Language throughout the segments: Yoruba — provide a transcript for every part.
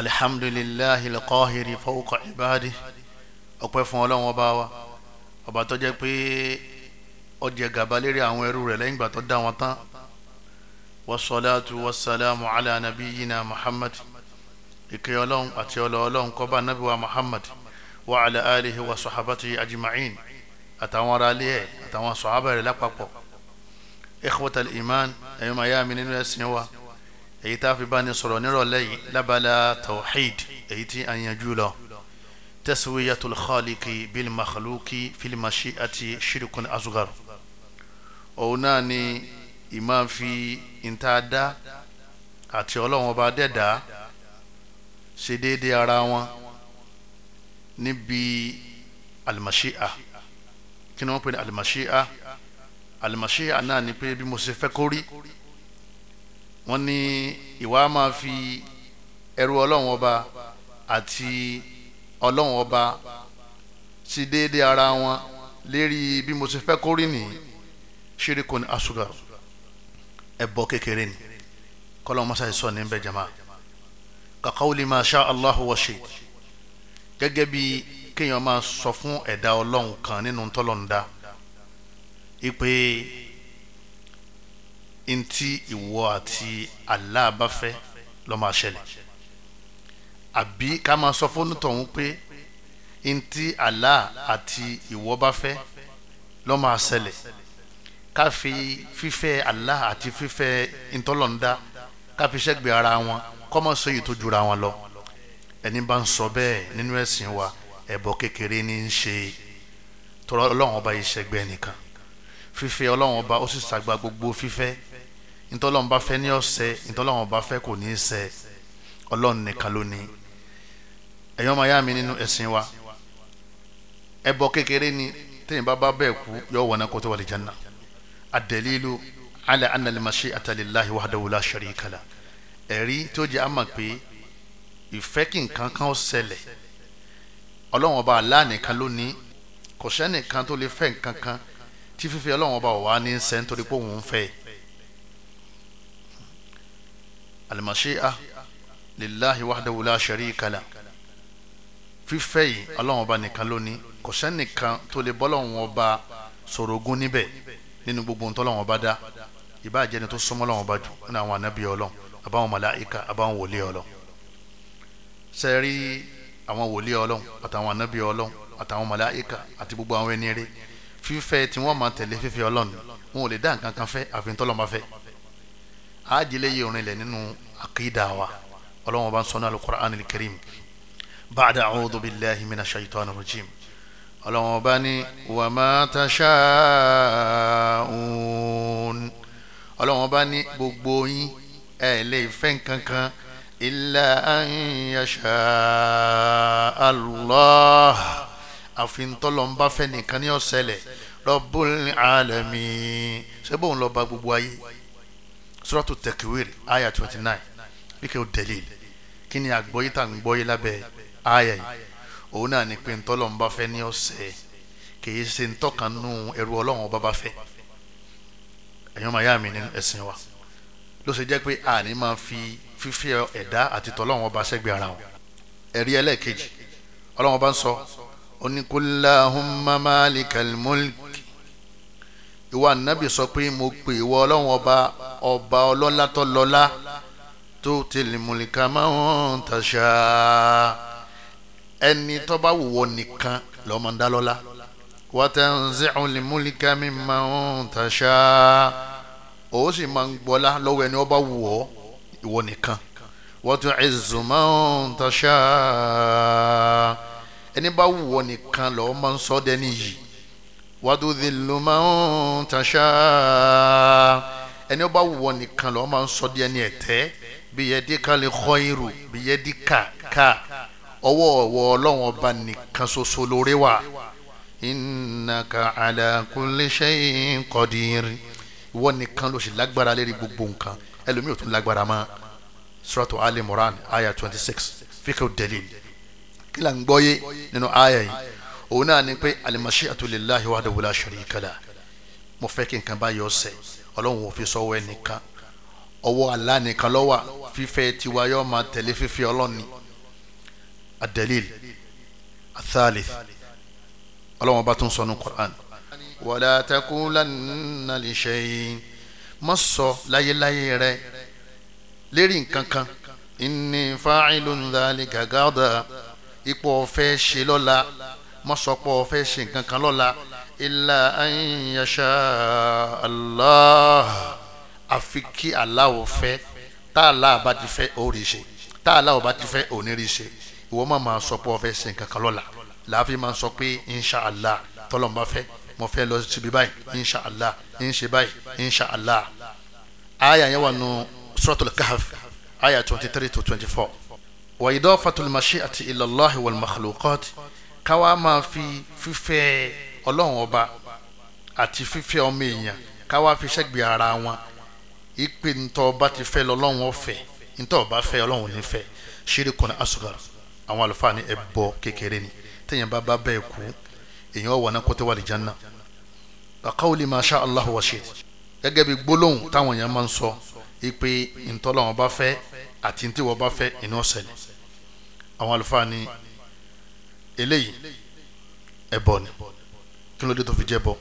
alihamdulilahi lakahiri fawqa ibadi ọpẹ́ fún Ọlọ́run ọba wa ọba tó jẹ́ pé ó jẹ gàba lérí àwọn ẹrú rẹ̀ lẹ́yìn ìgbà tó dá wọn tán wasalaatu wasalaamu ala nabiyina muhammad ìkẹ́ Ọlọ́run àti ọlọ Ọlọ́run kó bá nabi wa muhammad wa ala alihi wa sahabati ajma'in àtàwọn aráalé àtàwọn sọhábà rẹ̀ lápapọ̀ iman ẹ̀yọ́ màá mi nínú ẹ̀sìn wa èyí tá a fi bá ní sọ̀rọ̀ nírọ̀lẹ́ yìí lábala tawhid èyí tí a yanjú lọ taswiyatul khaliqi bil makhluqi fil mashi'ati shirkun asghar òun náà ni ìmáa fi ìtaadá àti ọlọ́run ọba dẹ́dá ṣe déédéé ara wọn níbi alimashi'a kí ni wọ́n pè ní alimashi'a alimashi'a náà ni pé bí mo ṣe fẹ́ kórí wọ́n ní ìwà máa fi ẹrú ọlọ́run ọba àti ọlọ́run ọba sí déédéé ara wọn lérí bí mo ṣe fẹ́ kó rí nìyí ṣíríkù ní asuga ẹ̀bọ kékeré ni kọ́lọ́ mọ́sá yìí sọ ní bẹ́ẹ̀ jama ka qawli ma sha Allahu wa shi gẹ́gẹ́ bí kéèyàn máa sọ fún ẹ̀dá ọlọ́run kan nínú tọ́lọ́run dá ntí ìwọ àti Allah bá fẹ́ ló máa ṣẹlẹ̀ àbí ká máa sọ fún onítọ̀hún pé ntí Allah àti ìwọ bá fẹ́ ló máa ṣẹlẹ̀ ká fi fífẹ́ Allah àti fífẹ́ ntọ́lọ́ndá ká fi ṣẹ́gbẹ̀ẹ́ ara wọn kọ́ mọ́ sọ èyí tó jura wọn lọ ẹni bá ń sọ bẹ́ẹ̀ nínú ẹ̀sìn wa ẹbọ kékeré ní í ṣe tọrọ ọlọ́run ọba yìí ṣẹgbẹ́ nìkan fífẹ́ ọlọ́run ọba ó sì ṣàgbà gbogbo fífẹ́ ntọ́lọ́n bá fẹ́ ní ọ̀sẹ̀ ntọ́lọ́n bá fẹ́ kò ní í ṣẹ ọlọ́run nìkan ló ní ẹ̀yọ́ máa yá mi nínú ẹ̀sìn wa ẹbọ kékeré ni téèyàn bá bá bẹ́ẹ̀ kú yọ wọ̀nà kó tó wà lè janna adẹ́lílu ala anna al-mashi'ata lillahi wahdahu la sharika lah ẹ̀rí tó jẹ́ àmà pé ìfẹ́ kí nǹkan kan ó ṣẹlẹ̀ ọlọ́run ọba Allah nìkan ló ní kò sẹ́nìkan tó lè fẹ́ nǹkan kan tí fífi ọlọ́run ọba ò ní sẹ́ńtórí pé òun alimasiya lillahi wahdahu la sharika la fífẹ́ yìí ọlọ́run ọba nìkan lónìí kò sẹ́nìkan tó lè bọ́lọ́run ọba ṣorogún níbẹ̀ nínú gbogbo ohun tọ́lọ́run ọba dá ìbá jẹ́ni tó súnmọ́ ọlọ́run ọba jù nínú àwọn ànábì ọlọ́run àbáwọn màláìka àbáwọn wòlíì ọlọ́run sẹ́rí àwọn wòlíì ọlọ́run àtàwọn ànábì ọlọ́run àtàwọn màláìka àti gbogbo àwọn ẹni rere fífẹ́ tí wọ́n máa tẹ̀lé fífẹ́ ọlọ́run wọn ò lè dá nǹkan kan fẹ́ àfi tọ́lọ́run àjẹlẹ yìí orin lẹ nínú àkídà wa ọlọ́wọ́n bá ń sọ́nà al-Qur'an al-Karim ba'da a'udhu billahi minash shaitani rajim ọlọ́wọ́n bá ní wa ma tasha'un ọlọ́wọ́n bá ní gbogbo yín ẹ̀ lè fẹ́ kankan illa an yasha Allah àfin tọ́lọ́mbà fẹ́ nìkan ní ó ṣẹlẹ̀ Rabbul alamin ṣé bóun lọ́ọ́ gbogbo ayé suratu takwir aya twenty nine bí kò dalil kí ni àgbọ́yé tá à ń gbọ́yé lábẹ́ aya yìí òun náà ni pé ntọ́lọ̀ ń bá fẹ́ ní ọ̀sẹ̀ kìí ṣe ntọ́kanú ẹrú ọlọ́run ọba bá fẹ́ ẹ̀yọ́n màá yá mi nínú ẹ̀sìn wa ló ṣe pé àní máa fi fífẹ́ ẹ̀dá àti tọ́lọ́run ọba sẹ́gbẹ̀ẹ́ ara wọn ẹ̀rí ẹlẹ́ẹ̀kejì ọlọ́run ọba ń sọ ó ní kullahumma ìwà nàbì sọ pé mo pè ìwọ ọlọ́run ọba ọba ọlọ́lá tó lọ́lá tó tilẹ̀ mùlìkà máa ń tàṣà ẹni tó bá wùwọ nìkan lọ́mọ ń dá lọ́lá wàtẹ́nzẹ́hùn lè múlíkà mi máa ń tàṣà ó sì máa ń gbọ́lá lọ́wọ́ ẹni ọba wù ìwọ nìkan wọ́tún ẹ̀zùn máa ń tàṣà ẹni bá wù nìkan lọ́ọ́ máa ń sọ́ dẹ́ni yìí wàdúdìlù máa ń tàṣà ẹni ọba wọ nìkan lọ máa ń sọ díẹ̀ ní ẹ̀tẹ́ biyadika li khairu biyadika ká ọwọ́ ọ̀wọ́ ọlọ́run ọba nìkan ṣoṣo lórí wa innaka ala kulli shay'in qadir ìwọ nìkan ló sì lágbára lérí gbogbo nǹkan ẹlòmíì ò tún lágbára mọ́ suratu alimoran moran aya twenty six fíkẹ́ òdẹ́lẹ̀ kí là ń gbọ́ yé nínú aya yìí òun náà ni pé al-mashi'atu lillahi wahdahu la sharika lah mo fẹ́ kí nǹkan báyọ̀ ṣẹ ọlọ́run ò fi sọ́wọ́ ẹnìkan ọwọ́ Allah nìkan ló wà fífẹ́ tiwa yóò máa tẹ̀lé fífẹ́ ọlọ́run ni ad-dalil ath-thalith ọlọ́run ọba tó ń sọ ní Qur'an wala taqulanna li sọ láyéláyé rẹ lérí nǹkan kan inni fa'ilun dhalika gada ipò ọ̀fẹ́ ṣe lọ́la má sọ pé o fẹ́ ṣe nǹkan kan lọ́la illa an yasha Allah àfi kí aláwọ̀ fẹ́ tá aláwọ̀ bá ti fẹ́ òórì ṣe tá aláwọ̀ bá ti fẹ́ òníri ṣe ìwọ má máa sọ pé o fẹ́ ṣe nǹkan kan lọ́la làáfi máa sọ pé insha Allah tọ́lọ́mùbá fẹ́ mo fẹ́ lọ síbi báyìí insha Allah ń báyìí insha Allah aya yẹn wà nù suratul kahf aya twenty three to twenty four wa idafatul mashi'ati ila Allah wal káwa máa fi fífẹ́ ọlọ́run ọba àti fífẹ́ ọmọ èèyàn káwa fi ṣẹ́gbẹ̀ẹ́ ara wọn ìpè ntọ́ ọba ti fẹ́ lọ́lọ́run ọ̀fẹ́ ntọ́ ọba fẹ́ ọlọ́run nífẹ̀ẹ́ ṣírìkùn asghar àwọn àlùfáà ní ẹ̀bọ kékeré ni tẹ̀yìn bá bá bẹ́ẹ̀ kú èèyàn wọ̀ náà kó tó wà lí jánnà bàkàwọ́lì ma sha Allah wa ṣe gẹ́gẹ́ bí gbólóhùn táwọn èèyàn máa ń sọ ìpè ntọ́lọ́run ọba fẹ́ àti ntí wọ́n fẹ́ inú ọ̀sẹ̀ ni àwọn àlùfáà ní eléyìí ẹbọ ni kí ló dé tó fi jẹ́ bọ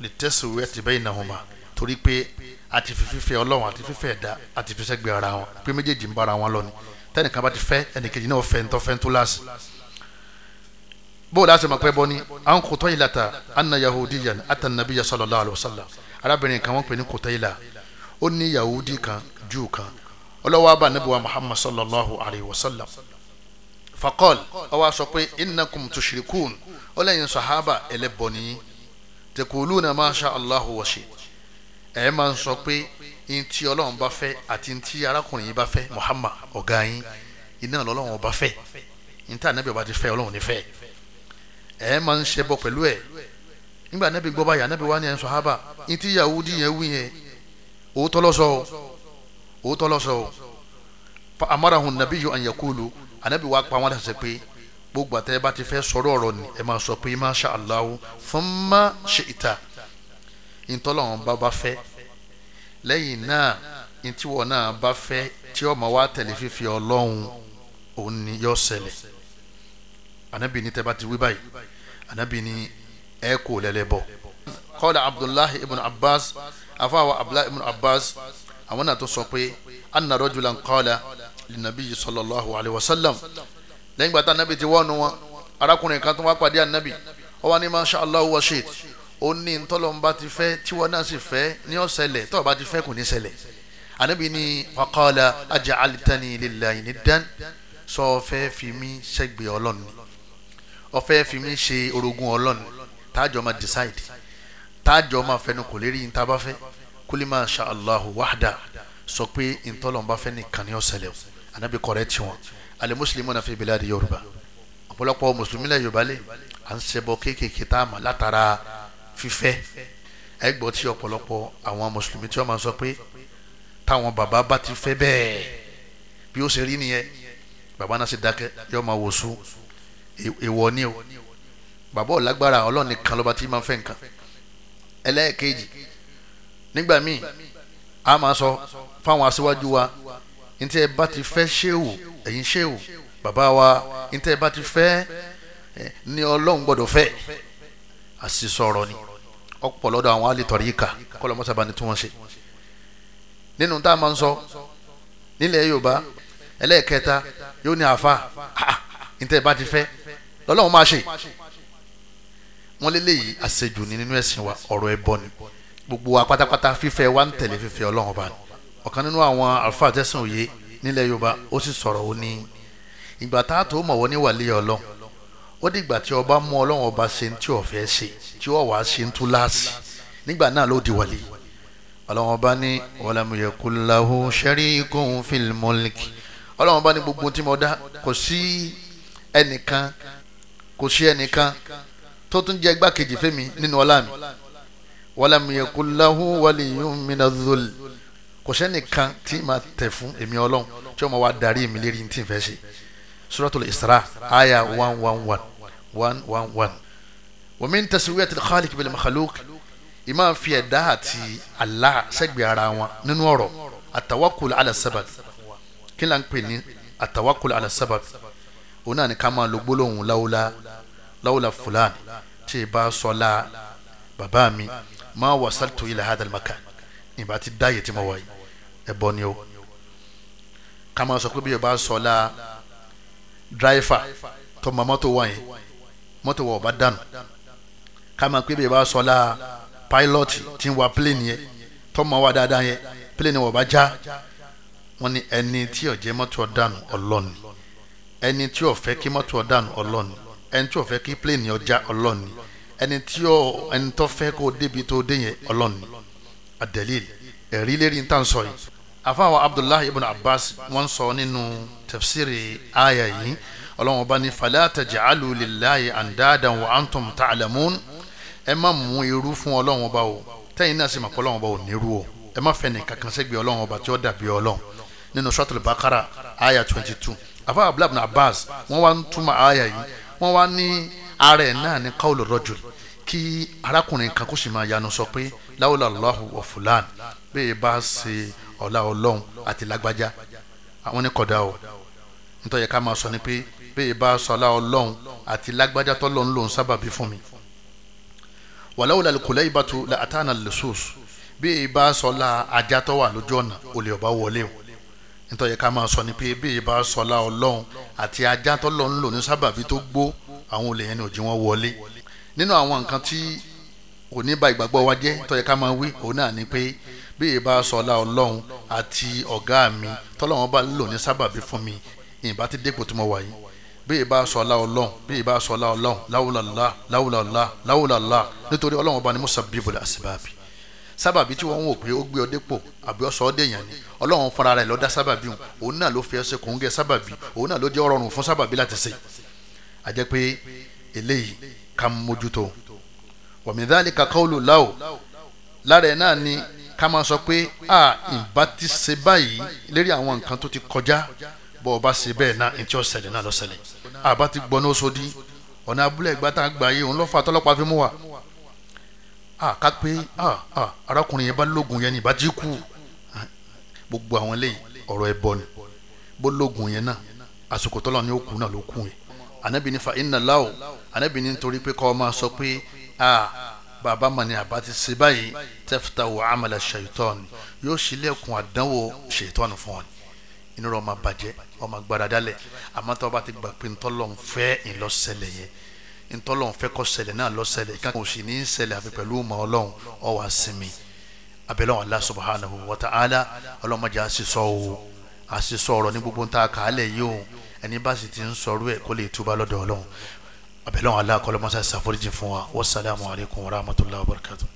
lè tẹsùn wẹ ti bẹyìn náà wọn ma torí pé àti fífẹ́ Ọlọ́run àti fífẹ́ ẹ̀dá àti fífẹ́ gbé ara wọn pé méjèèjì ń bára wọn lọ ni tẹnìkan bá ti fẹ́ ẹnìkejì náà fẹ́ ntọ́ fẹ́ ntúláàsì bó o láti mọ̀ pé bọ́ ni àwọn kò tọ́ yìí lata anna yahudiyan atanabiya sallallahu alayhi wa sallam arábìnrin kan wọ́n pè ní kò yìí la ó ní yahudi kan júù kan ọlọ́wọ́ abá anabiwa muhammad sallallahu alayhi wa sallam fakọ́l ọwọ́ a sọ pé innakum tushrikun ọlẹ́yin sahaba ẹlẹ́bọ nìyí tẹkùlù náà ma sha Allahu wa shi ẹ̀ máa ń sọ pé ntí ọlọ́run bá fẹ́ àti ntí arákùnrin yìí bá fẹ́ Muhammad ọ̀gá yín iná lọ́lọ́run bá fẹ́ ntí ànábì bá ti fẹ́ ọlọ́run ní fẹ́ ẹ̀ máa ń ṣẹbọ pẹ̀lú ẹ̀ nígbà ànábì gbọ́ báyìí ànábì wá ní ẹ̀ ń sọ hábà ntí Yahudi yẹn wí yẹn òótọ́ lọ́sọ̀ òótọ́ lọ́sọ̀ amarahun an yakulu anabi wa pa wọn láṣẹ pé gbogbo àtẹ́yẹ bá ti fẹ́ sọ̀rọ̀ ọ̀rọ̀ ni ẹ máa sọ pé masha allah thumma shi'ta ìtọ́lọ́wọ́n bá bá fẹ́ lẹ́yìn náà ìtiwọ̀ náà bá fẹ́ tí ọmọ wa tẹ̀lé fífi ọlọ́run òun ni yọ ṣẹlẹ̀ anabi ni tẹ́ bá ti wí báyìí anabi ni ẹ kò lẹ́lẹ́bọ̀ kọ́lá abdullahi ibn abbas afáwa abdullahi ibn abbas àwọn náà tó sọ pé anna rajulan qala linabi sallallahu alayhi wa sallam lẹ́yìn gbàtà nabi ti wọ́ọ̀nù wọn arákùnrin kan tó wá pàdé ànábì ó wá ní masha allah wa shit ó ní ntọ́lọ́mba ti fẹ́ tiwọn náà sì fẹ́ ní ó ṣẹlẹ̀ tó bá ti fẹ́ kò ní ṣẹlẹ̀ ànábì ní faqala aj'altani lillahi niddan sọ fẹ́ fi mí ṣẹ́gbẹ́ ọlọ́nu ó fẹ́ fi mí ṣe orogún ọlọ́nu tájọ́ ma decide tájọ́ ma fẹnu kò lérí ní tábà fẹ́ masha allah wahda sọ pé ntọ́lọ́mba fẹ́ nìkan ní ó o anabi correct wọn alẹ́ mùsùlùmí náà fi biladi yorùbá ọ̀pọ̀lọpọ̀ mùsùlùmí lẹ̀ yorùbá lẹ̀ à ń ṣẹbọ kéékèèké tá a mọ̀ látara fífẹ́ ẹ gbọ́ tí ọ̀pọ̀lọpọ̀ àwọn mùsùlùmí tí wọ́n máa sọ pé táwọn bàbá bá ti fẹ́ bẹ́ẹ̀ bí ó ṣe rí nìyẹn bàbá náà sì dákẹ́ yọ máa wò sùn èèwọ̀ ni o bàbá ò lágbára ọlọ́run nìkan lọ́ba tí máa fẹ́ nígbà míì a máa sọ fáwọn aṣíwájú wa ntẹ́ ẹ bá ti fẹ́ ṣéwù ẹ̀yin ṣéwù bàbá wa ntẹ́ ẹ bá ti fẹ́ ní ọlọ́run gbọ́dọ̀ fẹ́ àṣìṣọ̀rọ̀ ni ọ̀pọ̀ lọ́dọ̀ àwọn alìtọ̀rí ìka kọ́lọ́mọ́sábà ni tí wọ́n ṣe nínú tá a máa ń sọ nílẹ̀ yorùbá ẹlẹ́ẹ̀kẹta yóò ní àfa ntẹ́ ẹ bá ti fẹ́ lọ́lọ́run máa ṣe wọ́n lé léyìí àṣejù ni nínú ẹ̀sìn wa ọ̀rọ̀ ẹbọ ni gbogbo wa pátápátá fífẹ́ wa ń tẹ̀lé fífẹ́ ọlọ́run bá ni ọ̀kan nínú àwọn alfa àtẹ̀sán òye nílẹ̀ yorùbá ó sì sọ̀rọ̀ ó ní ìgbà tá a tó mọ̀ wọ́n ní wàlẹ́ ọlọ́run ó di ìgbà tí ọba mú ọlọ́run ọba ṣe ń tí ọ̀fẹ́ ṣe tí ó wàá ṣe ń tú láàsì nígbà náà ló di wàlẹ́ ọlọ́run ọba ní walam yakul lahu sharikun fil mulki ọlọ́run ọba ní gbogbo tí mo dá kò sí ẹnìkan kò sí ẹnìkan tó tún jẹ́ igbákejì fẹ́mi nínú ọlá mi walam yakul lahu waliyyun minadh-dhull kò sẹ́nìkan tí ma tẹ̀ fún èmi ọlọ́run tí wọ́n ma wá darí èmi lérí tí n fẹ́ ṣe suratul isra aya one one one one one one wa min taswiyatil khaliq bil makhluq ìmá fi ẹ̀dá àti Allah sẹ́gbẹ̀ẹ́ ara wọn nínú ọ̀rọ̀ àtàwákùlù ala sabab kí là ń pè ní àtàwákùlù ala sabab òun náà ni ká máa lo gbólóhùn láwùlá láwùlá fúlàn tí ì bá sọlá bàbá mi ma wasaltu ila hadha al makan ìbá ti dáyé tí mo wáyé ẹbọ ni o ká máa sọ pé bí yorùbá sọ la dráìfà tó ma mọ́tò wà yẹn mọ́tò wà ọba dànù ká máa pé bí yorùbá pilot tí wa plane yẹn tó ma wà dáadáa yẹn plane wà ọba já wọn ni ẹni tí ó jẹ́ mọ́tò ọ̀dànù ọlọ́ni ẹni tí ó fẹ́ kí mọ́tò ọ̀dànù ọlọ́ni ẹni tí ó fẹ́ kí plane ọjà ọlọ́ni ẹni tí ó ẹni tó fẹ́ kó débi tó dé yẹn ọlọ́ni adelil ẹ̀rí lérí ń tà afaawa abdullahi ibn abbas wọn sọ nínú tafsiri aya yìí ọlọ́wọ́n bá ní fala taj'alu lillahi andadan wa antum ta'lamun ẹ má mú irú fún ọlọ́wọ́n bá o tẹ́yìn náà sì mọ̀ pé ọlọ́wọ́n bá o nírú o ẹ má fẹ́ni kankan sẹ́gbẹ̀ẹ́ ọlọ́wọ́n bá tí ó dàbí ọlọ́wọ́n nínú suratul bakara aya twenty two afaawa abdullahi ibn abbas wọn wá ń túmọ̀ aya yìí wọn wá ní ara ẹ̀ náà ní qawlu rajul kí arákùnrin kan kó sì máa yanu sọ pé lawla ọlá Ọlọ́run àti lágbájá àwọn ní kódà o nítorí ká máa sọ ni pé bẹ́ẹ̀ bá sọ ọlá Ọlọ́run àti lágbájá tọ́lọ́ ń lò ń sábàbí fún mi wàláwò lálẹ́ kò lẹ́yìn bá tu la àtànà lẹ́sọ̀ọ̀sù bẹ́ẹ̀ bá sọ ọlá ajá tó wà lójú ọ̀nà olè ọba wọlé o nítorí ká máa sọ ni pé bẹ́ẹ̀ bá sọ ọlá Ọlọ́run àti ajá tọ́lọ́ ń lò ní sábàbí tó gbó àwọn olè yẹn ni òjì wọn wọlé nínú àwọn nǹkan tí òní ba ìgbàgbọ́ wa jẹ́ tó ká máa wí òun náà ni pé bí ìbá sọlá ọlọ́run àti ọ̀gá mi tọ́lọ́wọ́n bá ń lò ní sábàbí fún mi ìbá ti dépò tí mo wà yìí bí ìbá sọlá ọlọ́run bí ìbá sọlá ọlọ́run láwùlọ́lá láwùlọ́lá láwùlọ́lá nítorí ọlọ́run bá ní musabbibul asbabi sábàbí tí wọ́n ń wò pé ó gbé ọ dépò àbí ọ sọ ọ́ dèèyàn ni ọlọ́run fúnra rẹ̀ ló dá sábàbí hùn òun náà ló fi ẹsẹ̀ kò ń gẹ sábàbí òun náà ló jẹ́ ọrọ̀rùn fún sábàbí láti ṣe àjẹ́ pé eléyìí ká mójútó wa min dhalika lára ẹ̀ náà ni ká máa sọ pé a ìbá ti ṣe báyìí lérí àwọn nǹkan tó ti kọjá bọ́ ọba ṣe bẹ́ẹ̀ náà ètí ọ̀sẹ̀lẹ̀ náà lọ́sẹ̀lẹ̀ àbá ti gbọ́ náà sódì ọ̀nà abúlé ìgbà tá a gbà yé òun lọ́fà tọ́lọ́pàá fi mú wa a ká pé a a arákùnrin yẹn bá lóògùn yẹn ní ìbá jí kú gbogbo àwọn eléyìí ọ̀rọ̀ ẹ̀ bọ́ ni bó lóògùn yẹn náà àsìkò tọ́lọ́ ni ó kú náà ló kú yẹn ànábì ní fa iná láwò ànábì ní nítorí pé kọ́ ọ máa sọ pé a Baba mani àbá ti ṣe báyìí tẹ́fúta wò amala ṣèyítọ́ọ̀nì yóò ṣílẹ̀kùn àdánwò ṣèyítọ́ọ̀nì fún ọ inú rẹ ọmọ bàjẹ́ ọmọ gbadadalẹ̀ àmọ́ tó bá ti gbà pé ntọ́lọ̀ ń fẹ́ ìlọsẹlẹ̀ yẹn ntọ́lọ̀ ń fẹ́ kó ṣẹlẹ̀ náà lọ́sẹlẹ̀ ìka kò ní í àfi pẹ̀lú ọmọ ọlọ́run ọwọ́ àsinmi abẹ́lẹ́ Allah subhanahu wa ta'ala ọlọ́mọdé àṣìṣọ́ o àṣìṣọ́ ọ̀rọ̀ ní gbogbo ntàkàálẹ̀ yìí o ẹni bá sì ti ń sọ ọ̀rọ̀ kó lè túbà lọ́dọ̀ ọlọ́run abẹ́lẹ́ wọn aláàkọ́lọ́mọṣẹ́ ṣàforíjì fún wa wasalaamualeykum wa rahmatulahi wa barakatuh.